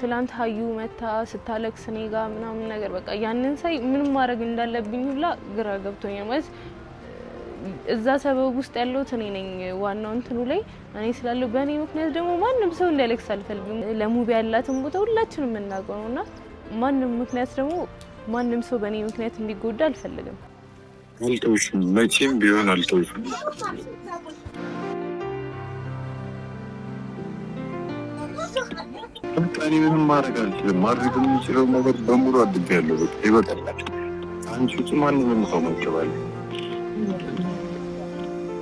ትላንት ሀዩ መታ ስታለቅስ እኔ ጋ ምናምን ነገር በቃ ያንን ሳይ ምንም ማድረግ እንዳለብኝ ሁላ ግራ ገብቶኛል። ማለት እዛ ሰበብ ውስጥ ያለሁት እኔ ነኝ። ዋናው እንትኑ ላይ እኔ ስላለሁ በእኔ ምክንያት ደግሞ ማንም ሰው እንዲያለቅስ አልፈልግም። ለሙቢ ያላትን ቦታ ሁላችንም የምናውቀው ነው እና ማንም ምክንያት ደግሞ ማንም ሰው በእኔ ምክንያት እንዲጎዳ አልፈልግም። አልተውሽም፣ መቼም ቢሆን አልተውሽም። እኔ ምንም ማድረግ አልችልም። ማድረግ የሚችለው ነገር በሙሉ አድቤያለሁ። ያለው ይበቃላቸው። አንቺ ውጭ ማንንም ሰው መቸባለ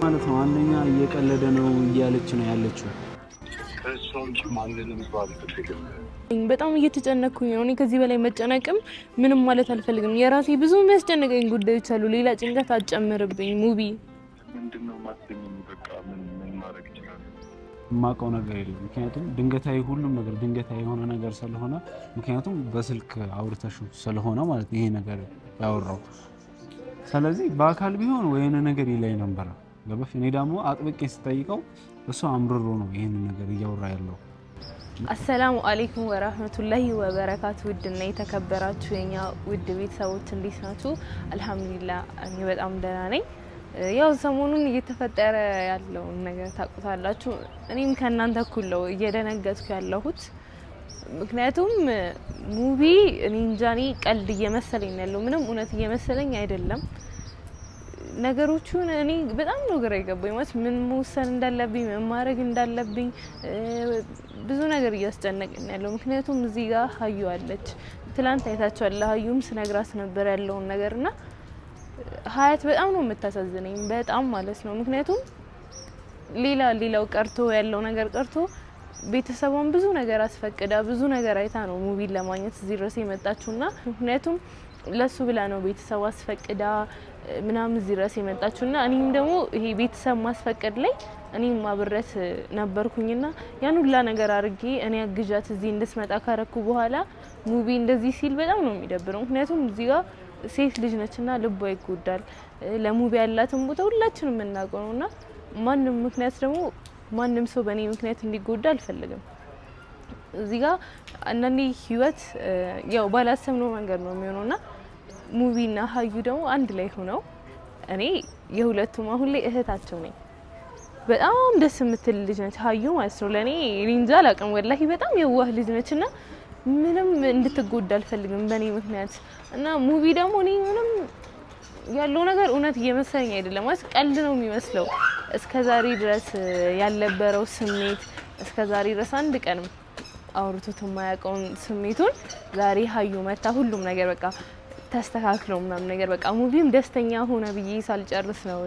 ማለት ነው። አንደኛ እየቀለደ ነው እያለች ነው ያለችው። በጣም እየተጨነኩኝ ነው። እኔ ከዚህ በላይ መጨነቅም ምንም ማለት አልፈልግም። የራሴ ብዙ የሚያስጨነቀኝ ጉዳዮች አሉ። ሌላ ጭንቀት አጨምርብኝ ሙቢ ምንድነው ማሰኝ በቃ ምን የማውቀው ነገር የለም። ምክንያቱም ድንገታዊ ሁሉም ነገር ድንገታዊ የሆነ ነገር ስለሆነ ምክንያቱም በስልክ አውርተሽ ስለሆነ ማለት ይሄ ነገር ያወራው። ስለዚህ በአካል ቢሆን ወይን ነገር ይላይ ነበረ ገበሽ። እኔ ደግሞ አጥብቄ ስጠይቀው እሱ አምርሮ ነው ይህን ነገር እያወራ ያለው። አሰላሙ አሌይኩም ወራህመቱላሂ ወበረካቱ። ውድና የተከበራችሁ የኛ ውድ ቤተሰቦች እንዴት ናችሁ? አልሐምዱሊላ እኔ በጣም ደህና ነኝ። ያው ሰሞኑን እየተፈጠረ ያለውን ነገር ታውቁታላችሁ። እኔም ከእናንተ እኩል ነው እየደነገጥኩ ያለሁት። ምክንያቱም ሙቪ እኔ እንጃ እኔ ቀልድ እየመሰለኝ ያለው፣ ምንም እውነት እየመሰለኝ አይደለም። ነገሮቹን እኔ በጣም ነው ግራ የገባኝ። ማለት ምን መውሰን እንዳለብኝ ምን ማድረግ እንዳለብኝ ብዙ ነገር እያስጨነቀኝ ያለው ምክንያቱም እዚህ ጋር ሀዩ አለች። ትላንት አይታችኋል። ሀዩም ስነግራት ነበር ያለውን ነገር ና ሀያት በጣም ነው የምታሳዝነኝ፣ በጣም ማለት ነው። ምክንያቱም ሌላ ሌላው ቀርቶ ያለው ነገር ቀርቶ ቤተሰቧን ብዙ ነገር አስፈቅዳ ብዙ ነገር አይታ ነው ሙቪን ለማግኘት እዚህ ድረስ ና ምክንያቱም ለሱ ብላ ነው ቤተሰቡ አስፈቅዳ ምናምን እዚህ ድረስ ና እኔም ደግሞ ይሄ ቤተሰብ ማስፈቀድ ላይ እኔም አብረት ነበርኩኝና ያን ሁላ ነገር አድርጌ እኔ አግዣት እዚህ እንድትመጣ ካረኩ በኋላ ሙቪ እንደዚህ ሲል በጣም ነው የሚደብረው። ምክንያቱም እዚህ ጋር ሴት ልጅ ነች ና ልቧ ይጎዳል። ለሙቢ ያላትን ቦታ ሁላችን የምናውቀው ነው ና ማንም ምክንያት ደግሞ ማንም ሰው በእኔ ምክንያት እንዲጎዳ አልፈልግም። እዚህ ጋ አንዳንዴ ህይወት ያው ባላሰብነው መንገድ ነው የሚሆነው እና ና ሀዩ ደግሞ አንድ ላይ ሆነው እኔ የሁለቱም አሁን ላይ እህታቸው ነኝ። በጣም ደስ የምትል ልጅ ነች ሀዩ ማለት ነው። ለእኔ ሪንጃ አላቅም ወላሂ በጣም የዋህ ልጅ ነች ና ምንም እንድትጎዳ አልፈልግም በእኔ ምክንያት እና ሙቪ ደግሞ እኔ ምንም ያለው ነገር እውነት እየመሰለኝ አይደለም ማለት ቀልድ ነው የሚመስለው። እስከ ዛሬ ድረስ ያልነበረው ስሜት እስከ ዛሬ ድረስ አንድ ቀንም አውርቶት የማያውቀውን ስሜቱን ዛሬ ሀዩ መታ ሁሉም ነገር በቃ ተስተካክለው ምናምን ነገር በቃ ሙቪም ደስተኛ ሆነ ብዬ ሳልጨርስ ነው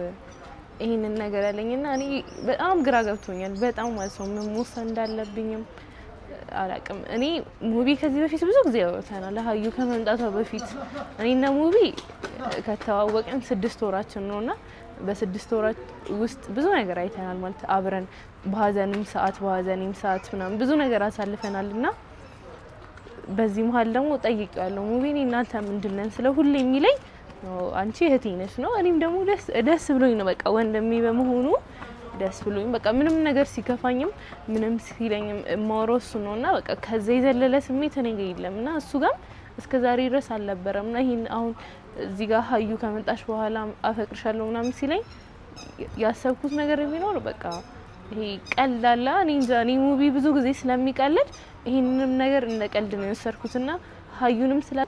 ይህንን ነገር ያለኝና እኔ በጣም ግራ ገብቶኛል። በጣም ማለት ነው ምን እንዳለብኝም አላቅም እኔ ሙቢ ከዚህ በፊት ብዙ ጊዜ አውርተናል። ሀዩ ከመምጣቷ በፊት እኔና ሙቢ ከተዋወቅን ስድስት ወራችን ነው እና በስድስት ወራት ውስጥ ብዙ ነገር አይተናል ማለት አብረን በሀዘንም ሰዓት በሀዘኔም ሰዓት ምናምን ብዙ ነገር አሳልፈናል እና በዚህ መሀል ደግሞ ጠይቄዋለሁ። ሙቢ እኔ እናንተ ምንድን ነን ስለ ሁሉ የሚለኝ አንቺ እህቴ ነሽ ነው። እኔም ደግሞ ደስ ብሎኝ ነው በቃ ወንድሜ በመሆኑ ደስ ብሎኝ በቃ ምንም ነገር ሲከፋኝም ምንም ሲለኝም የማወራው እሱ ነው እና በቃ ከዛ የዘለለ ስሜት እኔ ጋ የለም እና እሱ ጋም እስከ ዛሬ ድረስ አልነበረም እና ይህን አሁን እዚህ ጋር ሀዩ ከመጣሽ በኋላ አፈቅርሻለሁ ምናምን ሲለኝ ያሰብኩት ነገር የሚኖር በቃ ይሄ ቀልዳላ እኔ እንጃ እኔ ሙቪ ብዙ ጊዜ ስለሚቀልድ ይህንንም ነገር እንደ ቀልድ ነው የወሰድኩትና ሀዩንም ስለ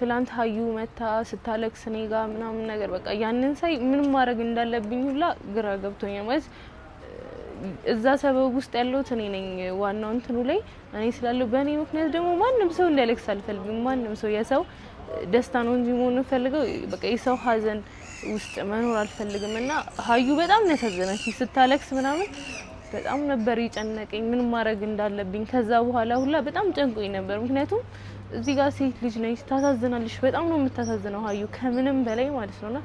ትላንት ሀዩ መታ ስታለቅስ እኔ ጋ ምናምን ነገር በቃ ያንን ሳይ ምንም ማድረግ እንዳለብኝ ሁላ ግራ ገብቶኛል ማለት እዛ ሰበብ ውስጥ ያለሁት እኔ ነኝ። ዋናው እንትኑ ላይ እኔ ስላለሁ በእኔ ምክንያት ደግሞ ማንም ሰው እንዲያለቅስ አልፈልግም። ማንም ሰው የሰው ደስታ ነው እንጂ መሆን ፈልገው በቃ የሰው ሀዘን ውስጥ መኖር አልፈልግም። እና ሀዩ በጣም ነው ያሳዘነች ስታለቅስ ምናምን በጣም ነበር የጨነቀኝ፣ ምን ማድረግ እንዳለብኝ ከዛ በኋላ ሁላ በጣም ጨንቆኝ ነበር። ምክንያቱም እዚህ ጋር ሴት ልጅ ነች፣ ታሳዝናለች። በጣም ነው የምታሳዝነው ሀዩ ከምንም በላይ ማለት ነው። ነውና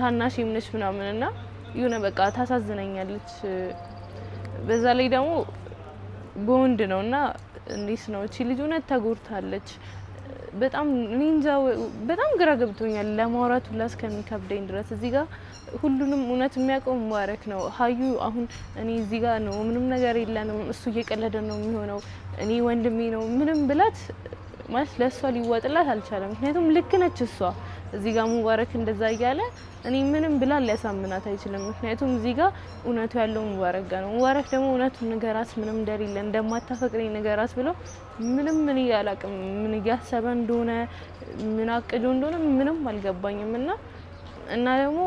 ታናሽ የምነች ምናምን እና የሆነ በቃ ታሳዝነኛለች በዛ ላይ ደግሞ በወንድ ነው እና እንዴት ነው እቺ ልጅ እውነት ተጎድታለች። በጣም ኒንጃ በጣም ግራ ገብቶኛል። ለማውራት ሁላ እስከሚከብደኝ ድረስ እዚህ ጋር ሁሉንም እውነት የሚያውቀው ሙባረክ ነው። ሀዩ አሁን እኔ እዚህ ጋር ነው፣ ምንም ነገር የለንም፣ እሱ እየቀለደ ነው የሚሆነው፣ እኔ ወንድሜ ነው ምንም ብላት ማለት ለእሷ ሊዋጥላት አልቻለም። ምክንያቱም ልክ ነች እሷ እዚህ ጋር ሙባረክ እንደዛ እያለ እኔ ምንም ብላ ሊያሳምናት አይችልም። ምክንያቱም እዚህ ጋር እውነቱ ያለው ሙባረክ ጋር ነው። ሙባረክ ደግሞ እውነቱን ንገራት፣ ምንም እንደሌለ እንደማታፈቅረኝ ንገራት ብሎ ምንም ምን አላቅም፣ ምን እያሰበ እንደሆነ ምን አቅዶ እንደሆነ ምንም አልገባኝም። እና እና ደግሞ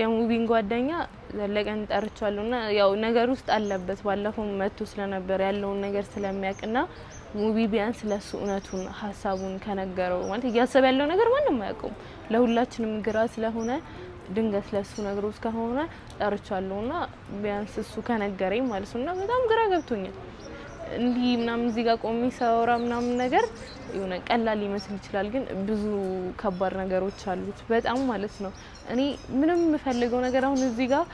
የሙቢን ጓደኛ ዘለቀን ጠርቻለሁ እና ያው ነገር ውስጥ አለበት ባለፈው መጥቶ ስለነበር ያለውን ነገር ስለሚያውቅና ሙቢ ቢያንስ ለሱ እውነቱን ሀሳቡን ከነገረው ማለት እያሰብ ያለው ነገር ማንም አያውቀውም። ለሁላችንም ግራ ስለሆነ ድንገት ለሱ ነግሮት ከሆነ ጠርቻለሁ እና ቢያንስ እሱ ከነገረኝ ማለት ነው። እና በጣም ግራ ገብቶኛል። እንዲህ ምናምን እዚህ ጋር ቆሜ ሳወራ ምናምን ነገር የሆነ ቀላል ሊመስል ይችላል፣ ግን ብዙ ከባድ ነገሮች አሉት በጣም ማለት ነው። እኔ ምንም የምፈልገው ነገር አሁን እዚህ ጋር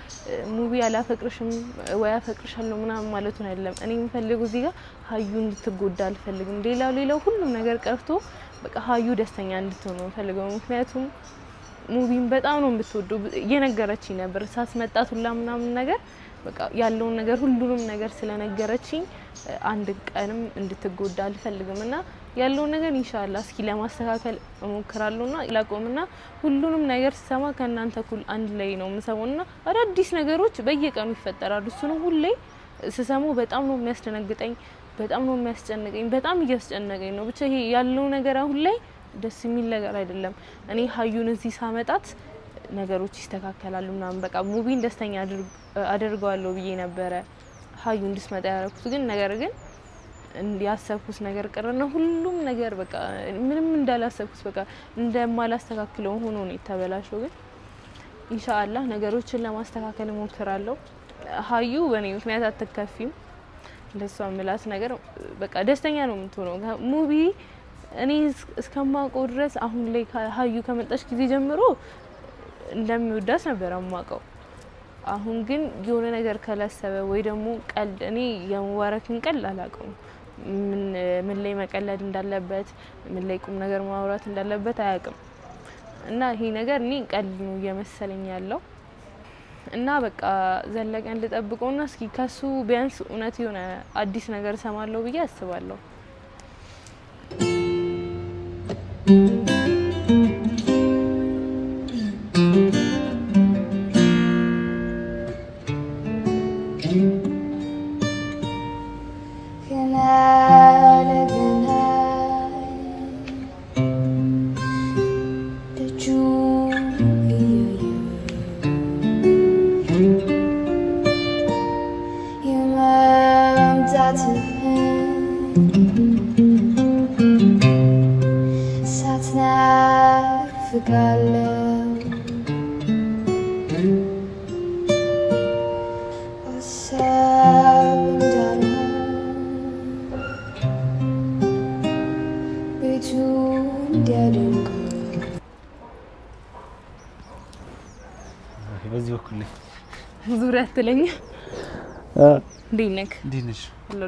ሙቪ አላፈቅርሽም ወይ አፈቅርሻለሁ ምናምን ማለቱን አይደለም። እኔ የምፈልገው እዚህ ጋር ሀዩ እንድትጎዳ አልፈልግም። ሌላው ሌላው ሁሉም ነገር ቀርቶ በቃ ሀዩ ደስተኛ እንድትሆን ነው የምፈልገው ምክንያቱም ሙቪን በጣም ነው የምትወደው እየነገረችኝ ነበር ሳስመጣት ሁላ ምናምን ነገር በቃ ያለውን ነገር ሁሉንም ነገር ስለነገረችኝ አንድ ቀንም እንድትጎዳ አልፈልግም እና ያለውን ነገር ኢንሻላ እስኪ ለማስተካከል ላቆም ና ሁሉንም ነገር ስሰማ ከእናንተ ኩል አንድ ላይ ነው ና አዳዲስ ነገሮች በየቀኑ ይፈጠራሉ። እሱ ነው ሁሌ ስሰሙ በጣም ነው የሚያስደነግጠኝ፣ በጣም ነው የሚያስጨንቀኝ፣ በጣም እያስጨነቀኝ ነው ብቻ ይሄ ያለው ነገር አሁን ላይ ደስ የሚል ነገር አይደለም። እኔ ሀዩን እዚህ ሳመጣት ነገሮች ይስተካከላሉ ምናምን በቃ ሙቪን ደስተኛ አድርገዋለሁ ብዬ ነበረ ሀዩ እንድስመጣ ያደረኩት ግን ነገር ግን ያሰብኩት ነገር ቀረና ሁሉም ነገር በቃ ምንም እንዳላሰብኩት በቃ እንደማላስተካክለው ሆኖ ነው የተበላሸው። ግን ኢንሻአላህ ነገሮችን ለማስተካከል ሞክራለሁ። ሀዩ በእኔ ምክንያት አትከፊም። እንደሷ ምላስ ነገር በቃ ደስተኛ ነው የምትሆነው ሙቪ እኔ እስከማውቀው ድረስ አሁን ላይ ሀዩ ከመጣች ጊዜ ጀምሮ እንደሚወዳት ነበር የማውቀው። አሁን ግን የሆነ ነገር ከላሰበ ወይ ደግሞ ቀልድ እኔ የሙባረክን ቀልድ አላውቀውም። ምን ላይ መቀለድ እንዳለበት፣ ምን ላይ ቁም ነገር ማውራት እንዳለበት አያውቅም። እና ይሄ ነገር እኔ ቀልድ ነው እየመሰለኝ ያለው እና በቃ ዘለቀን ልጠብቀውና እስኪ ከሱ ቢያንስ እውነት የሆነ አዲስ ነገር እሰማለሁ ብዬ አስባለሁ። thank you ዙሪያ አትለኝ። እንዴት ነህ? እንዴት ነሽ?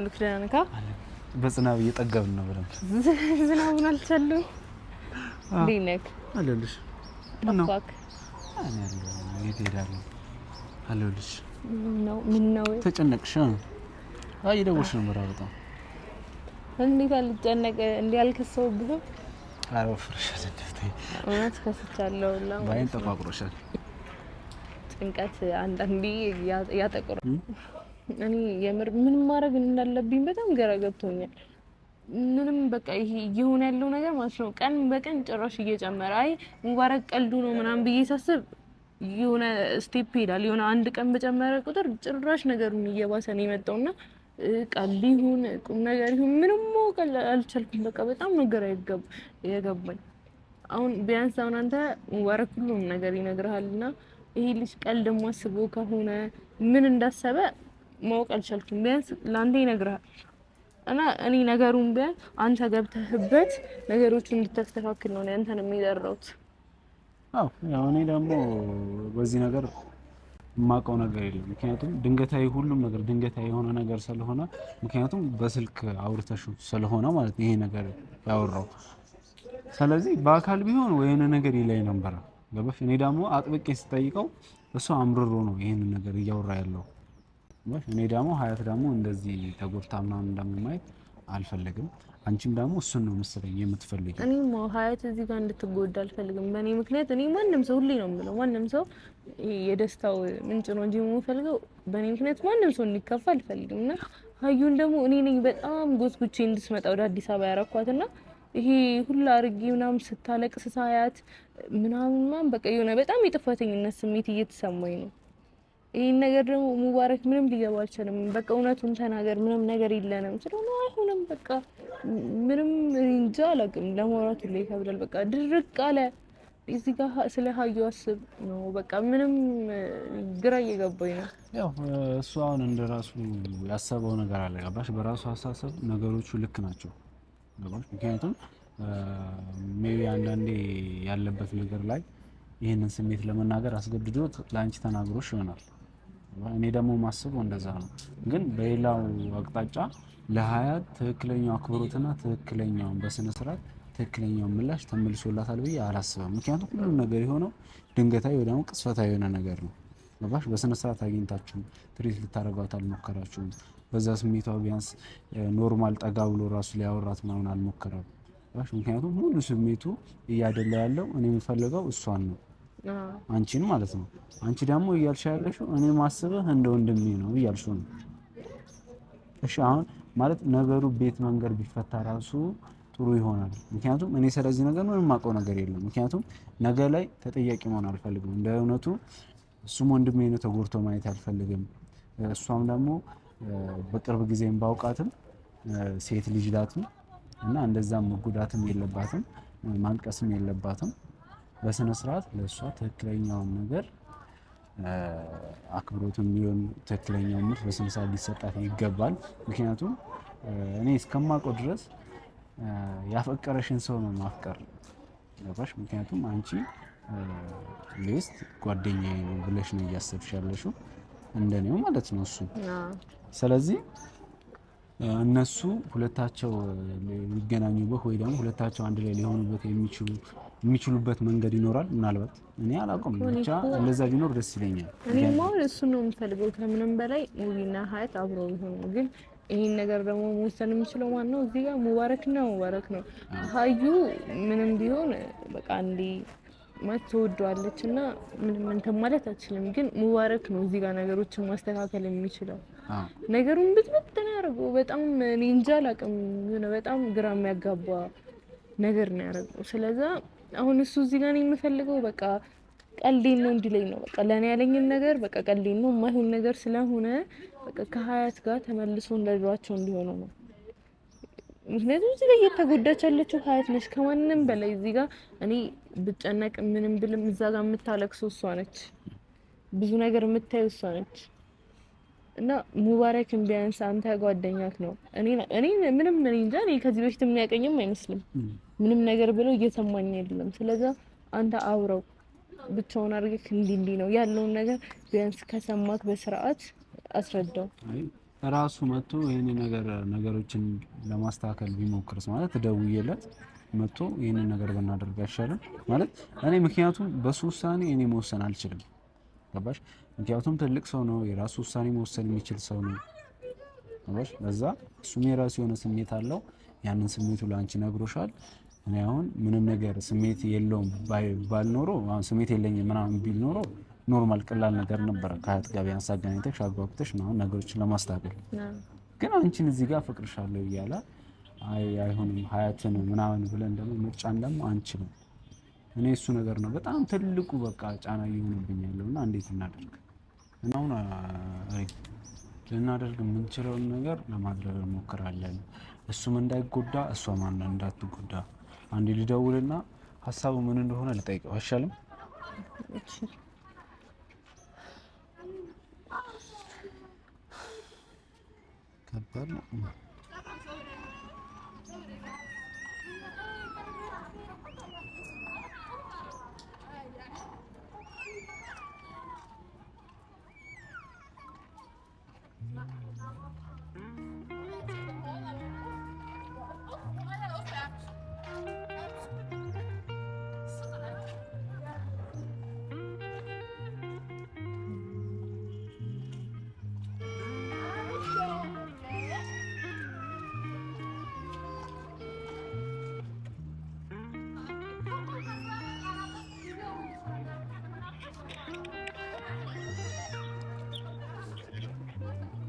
ልክ ደህና ነህ? በዝናብ እየጠገብን ነው። በደምብ ዝናቡን አልቻለሁ። እንዴት ነህ? አለሁልሽ። ጠፋክ? የት እሄዳለሁ? አለሁልሽ። ምን ነው ተጨነቅሽ? አይ እየደወልሽ ነበር። በጣም እንዴት አልጨነቅ እንዴ? አልከሰውብህም? ኧረ ወፍረሻል። እውነት ከስቻለሁ። በአይን ጠፋቁሮሻል ጭንቀት አንዳንዴ ያጠቁራል። እኔ የምር ምን ማድረግ እንዳለብኝ በጣም ግራ ገብቶኛል። ምንም በቃ ይሄ እየሆነ ያለው ነገር ማለት ነው ቀን በቀን ጭራሽ እየጨመረ አይ ሙባረክ ቀልዱ ነው ምናምን ብዬ ሳስብ የሆነ ስቴፕ ይሄዳል። የሆነ አንድ ቀን በጨመረ ቁጥር ጭራሽ ነገሩን እየባሰ ነው የመጣውና ቀልድ ይሁን ቁም ነገር ይሁን ምንም መውቀል አልቻልኩም። በቃ በጣም ነገር የገባኝ አሁን ቢያንስ አሁን አንተ ሙባረክ ሁሉም ነገር ይነግርሃልና ይሄ ልጅ ቀልድ አስቦ ከሆነ ምን እንዳሰበ ማወቅ አልቻልኩም። ቢያንስ ለአንተ ይነግርሃል እና እኔ ነገሩን ቢያንስ አንተ ገብተህበት ነገሮቹ እንድታስተካክል ነው አንተን የሚጠራሁት። አዎ ያው እኔ ደግሞ በዚህ ነገር የማውቀው ነገር የለም። ምክንያቱም ድንገታዊ ሁሉም ነገር ድንገታዊ የሆነ ነገር ስለሆነ ምክንያቱም በስልክ አውርተሽ ስለሆነ ማለት ይሄ ነገር ያወራው። ስለዚህ በአካል ቢሆን ወይ የሆነ ነገር ይለኝ ነበረ ገባሽ? እኔ ደግሞ አጥብቄ ስጠይቀው እሱ አምርሮ ነው ይህን ነገር እያወራ ያለው ገባሽ? እኔ ደግሞ ሀያት ደግሞ እንደዚህ ተጎድታ ምናምን እንደማየት አልፈልግም። አንቺም ደግሞ እሱን ነው መሰለኝ የምትፈልጊው። እኔ ሀያት እዚህ ጋር እንድትጎዳ አልፈልግም በእኔ ምክንያት። እኔ ማንም ሰው ሁሌ ነው የምለው፣ ማንም ሰው የደስታው ምንጭ ነው እንጂ የምፈልገው በእኔ ምክንያት ማንም ሰው እንዲከፋ አልፈልግም። እና ሀዩን ደግሞ እኔ ነኝ በጣም ጎትጉቼ እንድትመጣ ወደ አዲስ አበባ ያረኳትና ይሄ ሁላ አርጌ ምናምን ስታለቅስ ሳያት ምናምን በቃ የሆነ በጣም የጥፋተኝነት ስሜት እየተሰማኝ ነው። ይህን ነገር ደግሞ ሙባረክ ምንም ሊገባ አልችልም። በቃ እውነቱን ተናገር፣ ምንም ነገር የለንም ስለሆነ አይሆንም። በቃ ምንም እንጃ አላውቅም። ለማውራቱ ላይ ይከብዳል። በቃ ድርቅ አለ። እዚህ ጋር ስለ ሀዩ አስብ ነው። በቃ ምንም ግራ እየገባኝ ነው። ያው እሱ አሁን እንደ ራሱ ያሰበው ነገር አለ። ገባሽ? በራሱ አሳሰብ ነገሮቹ ልክ ናቸው። ገባሽ? ምክንያቱም ሜቢ አንዳንዴ ያለበት ነገር ላይ ይህንን ስሜት ለመናገር አስገድዶ ለአንቺ ተናግሮሽ ይሆናል። እኔ ደግሞ ማስበው እንደዛ ነው። ግን በሌላው አቅጣጫ ለሀያት ትክክለኛው አክብሮትና ትክክለኛውን በስነስርዓት ትክክለኛው ትክክለኛውን ምላሽ ተመልሶላታል ብዬ አላስበም። ምክንያቱም ሁሉም ነገር የሆነው ድንገታዊ ወይ ደግሞ ቅስፈታዊ የሆነ ነገር ነው። ገባሽ? በስነ ስርዓት አግኝታችሁም ትሪት ልታደርጓት አልሞከራችሁም። በዛ ስሜቷ ቢያንስ ኖርማል ጠጋ ብሎ ራሱ ሊያወራት ምናምን አልሞከረም። ምክንያቱም ሙሉ ስሜቱ እያደላ ያለው እኔ የምፈልገው እሷን ነው አንቺን ማለት ነው። አንቺ ደግሞ እያልሽ ያለሽው እኔ ማስበህ እንደ ወንድሜ ነው እያልሽ ነው። እሺ አሁን ማለት ነገሩ ቤት መንገድ ቢፈታ ራሱ ጥሩ ይሆናል። ምክንያቱም እኔ ስለዚህ ነገር ምንም የማውቀው ነገር የለም። ምክንያቱም ነገ ላይ ተጠያቂ መሆን አልፈልግም። እንደ እውነቱ እሱም ወንድሜ ነው ተጎድቶ ማየት አልፈልግም። እሷም ደግሞ በቅርብ ጊዜም ባውቃትም ሴት ልጅ ላትም እና እንደዛም መጉዳትም የለባትም ማልቀስም የለባትም። በስነ ስርዓት ለእሷ ትክክለኛውን ነገር አክብሮት ቢሆን ትክክለኛው ምርት በስነ ስርዓት ሊሰጣት ይገባል። ምክንያቱም እኔ እስከማውቀው ድረስ ያፈቀረሽን ሰው ነው ማፍቀር ገባሽ? ምክንያቱም አንቺ ሌስት ጓደኛዬ ነው ብለሽ ነው እያሰብሽ ያለሽው እንደኔው ማለት ነው እሱ ስለዚህ እነሱ ሁለታቸው ሊገናኙበት ወይ ደግሞ ሁለታቸው አንድ ላይ ሊሆኑበት የሚችሉበት መንገድ ይኖራል። ምናልባት እኔ አላውቅም፣ ብቻ እንደዛ ቢኖር ደስ ይለኛል። እኔማ እሱ ነው የምፈልገው ከምንም በላይ ሙቢና ሀያት አብሮ ቢሆኑ። ግን ይህን ነገር ደግሞ መወሰን የሚችለው ማን ነው? እዚህ ጋር ነው ሙባረክ ነው። ሀዩ ምንም ቢሆን በቃ እንዲ ማለት ትወደዋለች እና ምንም እንትን ማለት አልችልም። ግን ሙባረክ ነው እዚህ ጋር ነገሮችን ማስተካከል የሚችለው። ነገሩን ብትበተን ያደርገው በጣም እኔ እንጃ አላውቅም፣ በጣም ግራ የሚያጋባ ነገር ነው ያደርገው። ስለዛ አሁን እሱ እዚህ ጋር ነው የምፈልገው። በቃ ቀልዴን ነው እንዲለኝ ነው በቃ ለእኔ ያለኝን ነገር በቃ ቀልዴን ነው የማይሆን ነገር ስለሆነ በቃ ከሀያት ጋር ተመልሶ እንደ ድሯቸው እንዲሆነው ነው ምክንያቱም እዚህ ላይ እየተጎዳች ያለችው ሀያት ነች። ከማንም በላይ እዚህ ጋር እኔ ብጨነቅ ምንም ብልም እዛ ጋር የምታለቅሰው እሷ ነች። ብዙ ነገር የምታዩ እሷ ነች። እና ሙባረክን ቢያንስ አንተ ጓደኛት ነው። እኔ ምንም እኔ እንጃ እኔ ከዚህ በፊት የሚያቀኝም አይመስልም ምንም ነገር ብለው እየሰማኝ አይደለም። ስለዚ አንተ አውረው ብቻውን አድርገህ እንዲህ እንዲህ ነው ያለውን ነገር ቢያንስ ከሰማክ በስርዓት አስረዳው። ራሱ መጥቶ ይህን ነገር ነገሮችን ለማስተካከል ቢሞክርስ ማለት ደውዬለት መጥቶ ይህንን ነገር ብናደርግ አይሻልም ማለት እኔ ምክንያቱም በሱ ውሳኔ እኔ መወሰን አልችልም። ገባሽ? ምክንያቱም ትልቅ ሰው ነው፣ የራሱ ውሳኔ መወሰን የሚችል ሰው ነው። ገባሽ? በዛ እሱም የራሱ የሆነ ስሜት አለው። ያንን ስሜቱ ለአንቺ ነግሮሻል። እኔ አሁን ምንም ነገር ስሜት የለውም ኖሮ ስሜት የለኝም ምናምን ቢል ኖሮ ኖርማል ቀላል ነገር ነበረ። ከአያት ጋር ቢያንስ አገናኝተሽ አግባብተሽ ምናምን ነገሮችን ለማስታገል ግን አንቺን እዚህ ጋር ፍቅርሻለሁ እያለ አይ አይሆንም ሀያትን ምናምን ብለን ደግሞ ምርጫን ደግሞ አንችልም። እኔ እሱ ነገር ነው በጣም ትልቁ በቃ ጫና እየሆንብኝ ያለው እና እንዴት እናደርግ እና አሁን ልናደርግ የምንችለውን ነገር ለማድረግ እንሞክራለን። እሱም እንዳይጎዳ እሷም እንዳትጎዳ አንዴ ልደውልና ሀሳቡ ምን እንደሆነ ልጠይቀው አይሻልም? campana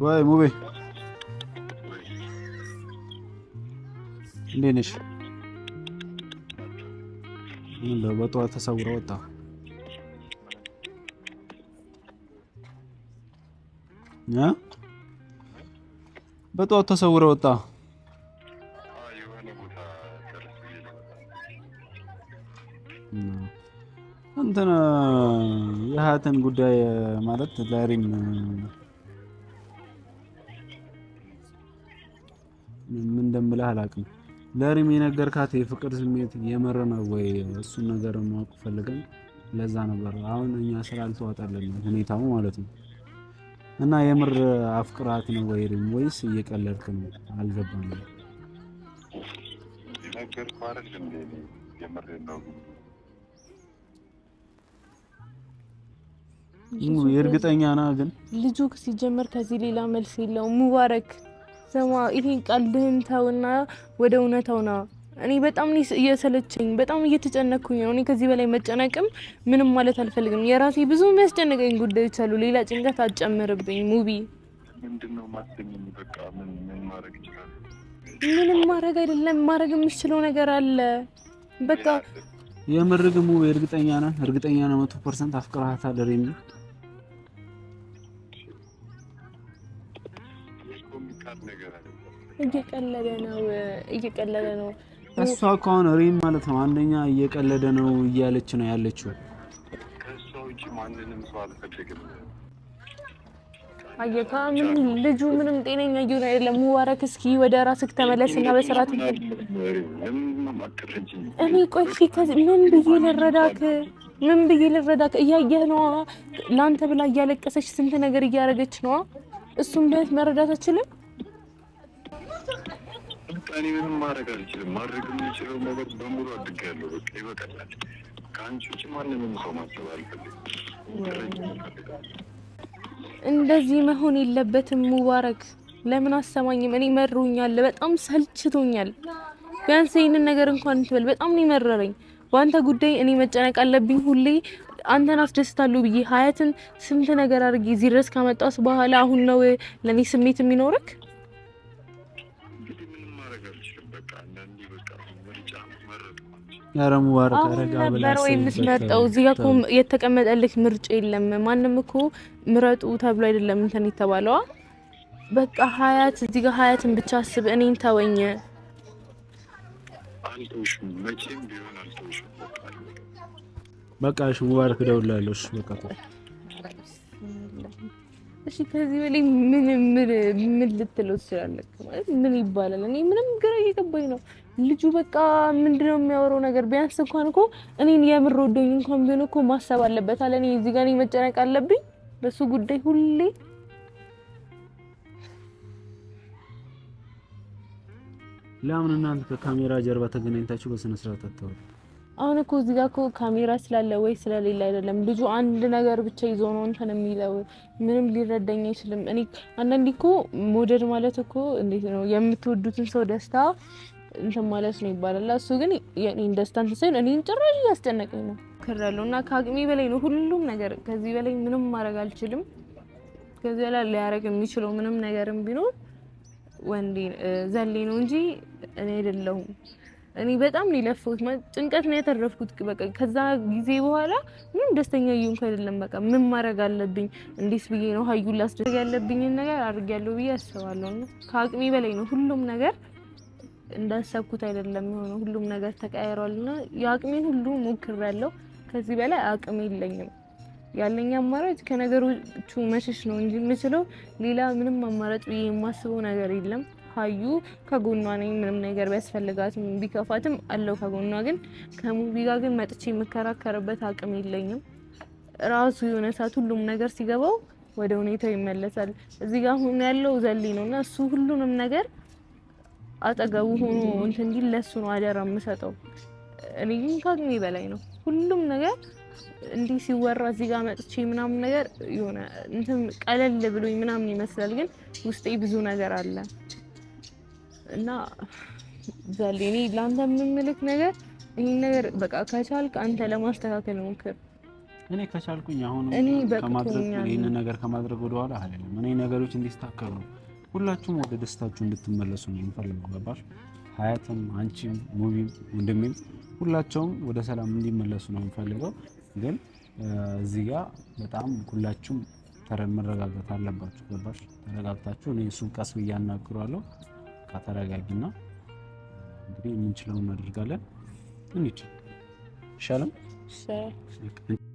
ወይ ሙቤ እንዴት ነሽ? እንደው በጠዋት ተሰውረ ወጣ። በጠዋት ተሰውረ ወጣ። እንትን የሀያትን ጉዳይ ማለት ለሪም ምን እንደምልህ አላውቅም። ለሪም የነገርካት የፍቅር ስሜት የምር ነው ወይ? እሱን ነገር ማወቅ ፈልገን ለዛ ነበር። አሁን እኛ ስራ አልተዋጣለንም ሁኔታው ማለት ነው። እና የምር አፍቅራት ነው ወይ ሪም ወይስ እየቀለድክ ነው? አልገባንም። የእርግጠኛ ና ግን ልጁ ሲጀመር ከዚህ ሌላ መልስ የለውም። ሙባረክ ዘማ ይሄን ቀልድህን ተውና ወደ እውነታው ና። እኔ በጣም እየሰለቸኝ በጣም እየተጨነኩኝ ነው። እኔ ከዚህ በላይ መጨነቅም ምንም ማለት አልፈልግም። የራሴ ብዙ የሚያስጨንቀኝ ጉዳዮች አሉ። ሌላ ጭንቀት አጨምርብኝ። ሙቢ ምንም ማድረግ አይደለም ማድረግ የምችለው ነገር አለ። በቃ የምርግ ሙቢ እርግጠኛ ነህ? እርግጠኛ ነህ? መቶ ፐርሰንት አፍቅራሃታል። እየቀለደ ነው እየቀለደ ነው። እሷ እኮ አሁን ሪም ማለት ነው አንደኛ እየቀለደ ነው እያለች ነው ያለችው። ከእሷ ውጭ ማንንም ሰው አልፈልግም። አየካ ምን ልጁ ምንም ጤነኛ እየሆነ አይደለም። ሙባረክ እስኪ ወደ ራስህ ተመለስና እና በስርዓት እኔ ቆይ ምን ብዬ ልረዳክ? ምን ብዬ ልረዳክ? እያየህ ነዋ። ለአንተ ብላ እያለቀሰች ስንት ነገር እያደረገች ነዋ። እሱም ዳት መረዳት አችልም እኔ ምንም ማድረግ አልችልም። ማድረግ የምችለው ነገር በሙሉ አድርጌያለሁ። በቃ ይበቃላል። ከአንቺ ውጭ ማንንም ሰው ማሰብ አልፈልግም። እንደዚህ መሆን የለበትም ሙባረክ። ለምን አሰማኝም? እኔ መሮኛል፣ በጣም ሰልችቶኛል። ቢያንስ ይህንን ነገር እንኳን እንትበል። በጣም ነው የመረረኝ። በአንተ ጉዳይ እኔ መጨነቅ አለብኝ ሁሌ አንተን አስደስታለሁ ብዬ ሀያትን ስንት ነገር አድርጌ እዚህ ድረስ ካመጣስ በኋላ አሁን ነው ለእኔ ስሜት የሚኖርክ? ኧረ ሙባረክ ነበር ወይ የምትመርጠው? እዚህ ጋር እኮ የተቀመጠልህ ምርጫ የለም። ማንም እኮ ምረጡ ተብሎ አይደለም እንትን የተባለዋ። በቃ ሀያት፣ እዚህ ጋር ሀያትን ብቻ አስብ። እኔን ተወኝ። በቃ እሺ፣ ሙባረክ እደውልልሃለሁ። እሺ፣ በቃ እሺ። ከዚህ በላይ ምን ምን ምን ልትለው ትችላለህ? ማለት ምን ይባላል? እኔ ምንም ግራ እየገባኝ ነው። ልጁ በቃ ምንድነው የሚያወራው ነገር? ቢያንስ እንኳን እኮ እኔን የምር ወደኝ እንኳን ቢሆን እኮ ማሰብ አለበት አለ። እኔ እዚህ ጋር መጨነቅ አለብኝ በሱ ጉዳይ ሁሌ ለምን እናንተ ከካሜራ ጀርባ ተገናኝታችሁ በስነ ስርዓት አታወሩ? አሁን እኮ እዚህ ጋር እኮ ካሜራ ስላለ ወይ ስለሌለ አይደለም። ልጁ አንድ ነገር ብቻ ይዞ ነው እንትን የሚለው ምንም ሊረዳኝ አይችልም። እኔ አንዳንዴ እኮ መውደድ ማለት እኮ እንዴት ነው የምትወዱትን ሰው ደስታ እንትን ማለት ነው ይባላል። እሱ ግን የኔን ደስታን ሳይሆን እኔን ጭራሽ እያስጨነቀኝ ነው ክራለሁ እና ከአቅሜ በላይ ነው ሁሉም ነገር። ከዚህ በላይ ምንም ማድረግ አልችልም። ከዚህ በላይ ሊያደርግ የሚችለው ምንም ነገርም ቢኖር ወንዴ ዘሌ ነው እንጂ እኔ አይደለሁም። እኔ በጣም ነው የለፈሁት፣ ጭንቀት ነው የተረፍኩት። በቃ ከዛ ጊዜ በኋላ ምንም ደስተኛ እየሆንኩ አይደለም። በቃ ምን ማድረግ አለብኝ? እንዴት ብዬ ነው ሀዩን ላስደርግ? ያለብኝን ነገር አድርጌያለሁ ብዬ አስባለሁ። ከአቅሜ በላይ ነው ሁሉም ነገር እንዳሰብኩት አይደለም የሆነ ሁሉም ነገር ተቀያይሯል እና የአቅሜን ሁሉ ሞክሬያለሁ። ከዚህ በላይ አቅም የለኝም። ያለኝ አማራጭ ከነገሮቹ መሸሽ ነው እንጂ የምችለው ሌላ ምንም አማራጭ ብዬ የማስበው ነገር የለም። ሀዩ ከጎኗ ነኝ። ምንም ነገር ቢያስፈልጋትም ቢከፋትም አለው ከጎኗ ግን ከሙቪ ጋር ግን መጥቼ የምከራከርበት አቅም የለኝም። ራሱ የሆነ ሰዓት ሁሉም ነገር ሲገባው ወደ ሁኔታው ይመለሳል። እዚህ ጋር አሁን ያለው ዘሌ ነው እና እሱ ሁሉንም ነገር አጠገቡ ሆኖ እንትን እንዲል ለሱ ነው አደራ የምሰጠው። እኔ ግን ከአቅሜ በላይ ነው ሁሉም ነገር እንዲህ ሲወራ እዚህ ጋር መጥቼ ምናምን ነገር የሆነ እንትን ቀለል ብሎኝ ምናምን ይመስላል፣ ግን ውስጤ ብዙ ነገር አለ እና ዛሌ እኔ ለአንተ የምምልክ ነገር ይህን ነገር በቃ ከቻልክ አንተ ለማስተካከል ሞክር። እኔ ከቻልኩኝ አሁን ይህን ነገር ከማድረግ ወደኋላ አይደለም። እኔ ነገሮች እንዲስተካከሉ ሁላችሁም ወደ ደስታችሁ እንድትመለሱ ነው የምፈልገው። ገባሽ? ሀያትም አንቺም ሙቪም፣ ወንድሜም ሁላቸውም ወደ ሰላም እንዲመለሱ ነው የምፈልገው። ግን እዚህ ጋር በጣም ሁላችሁም መረጋጋት አለባችሁ። ገባሽ? ተረጋግታችሁ እኔ እሱን ቀስ ብዬ አናግረዋለሁ። ከተረጋጊና እንግዲህ የምንችለውን እናደርጋለን። ምን ይችል ይሻልም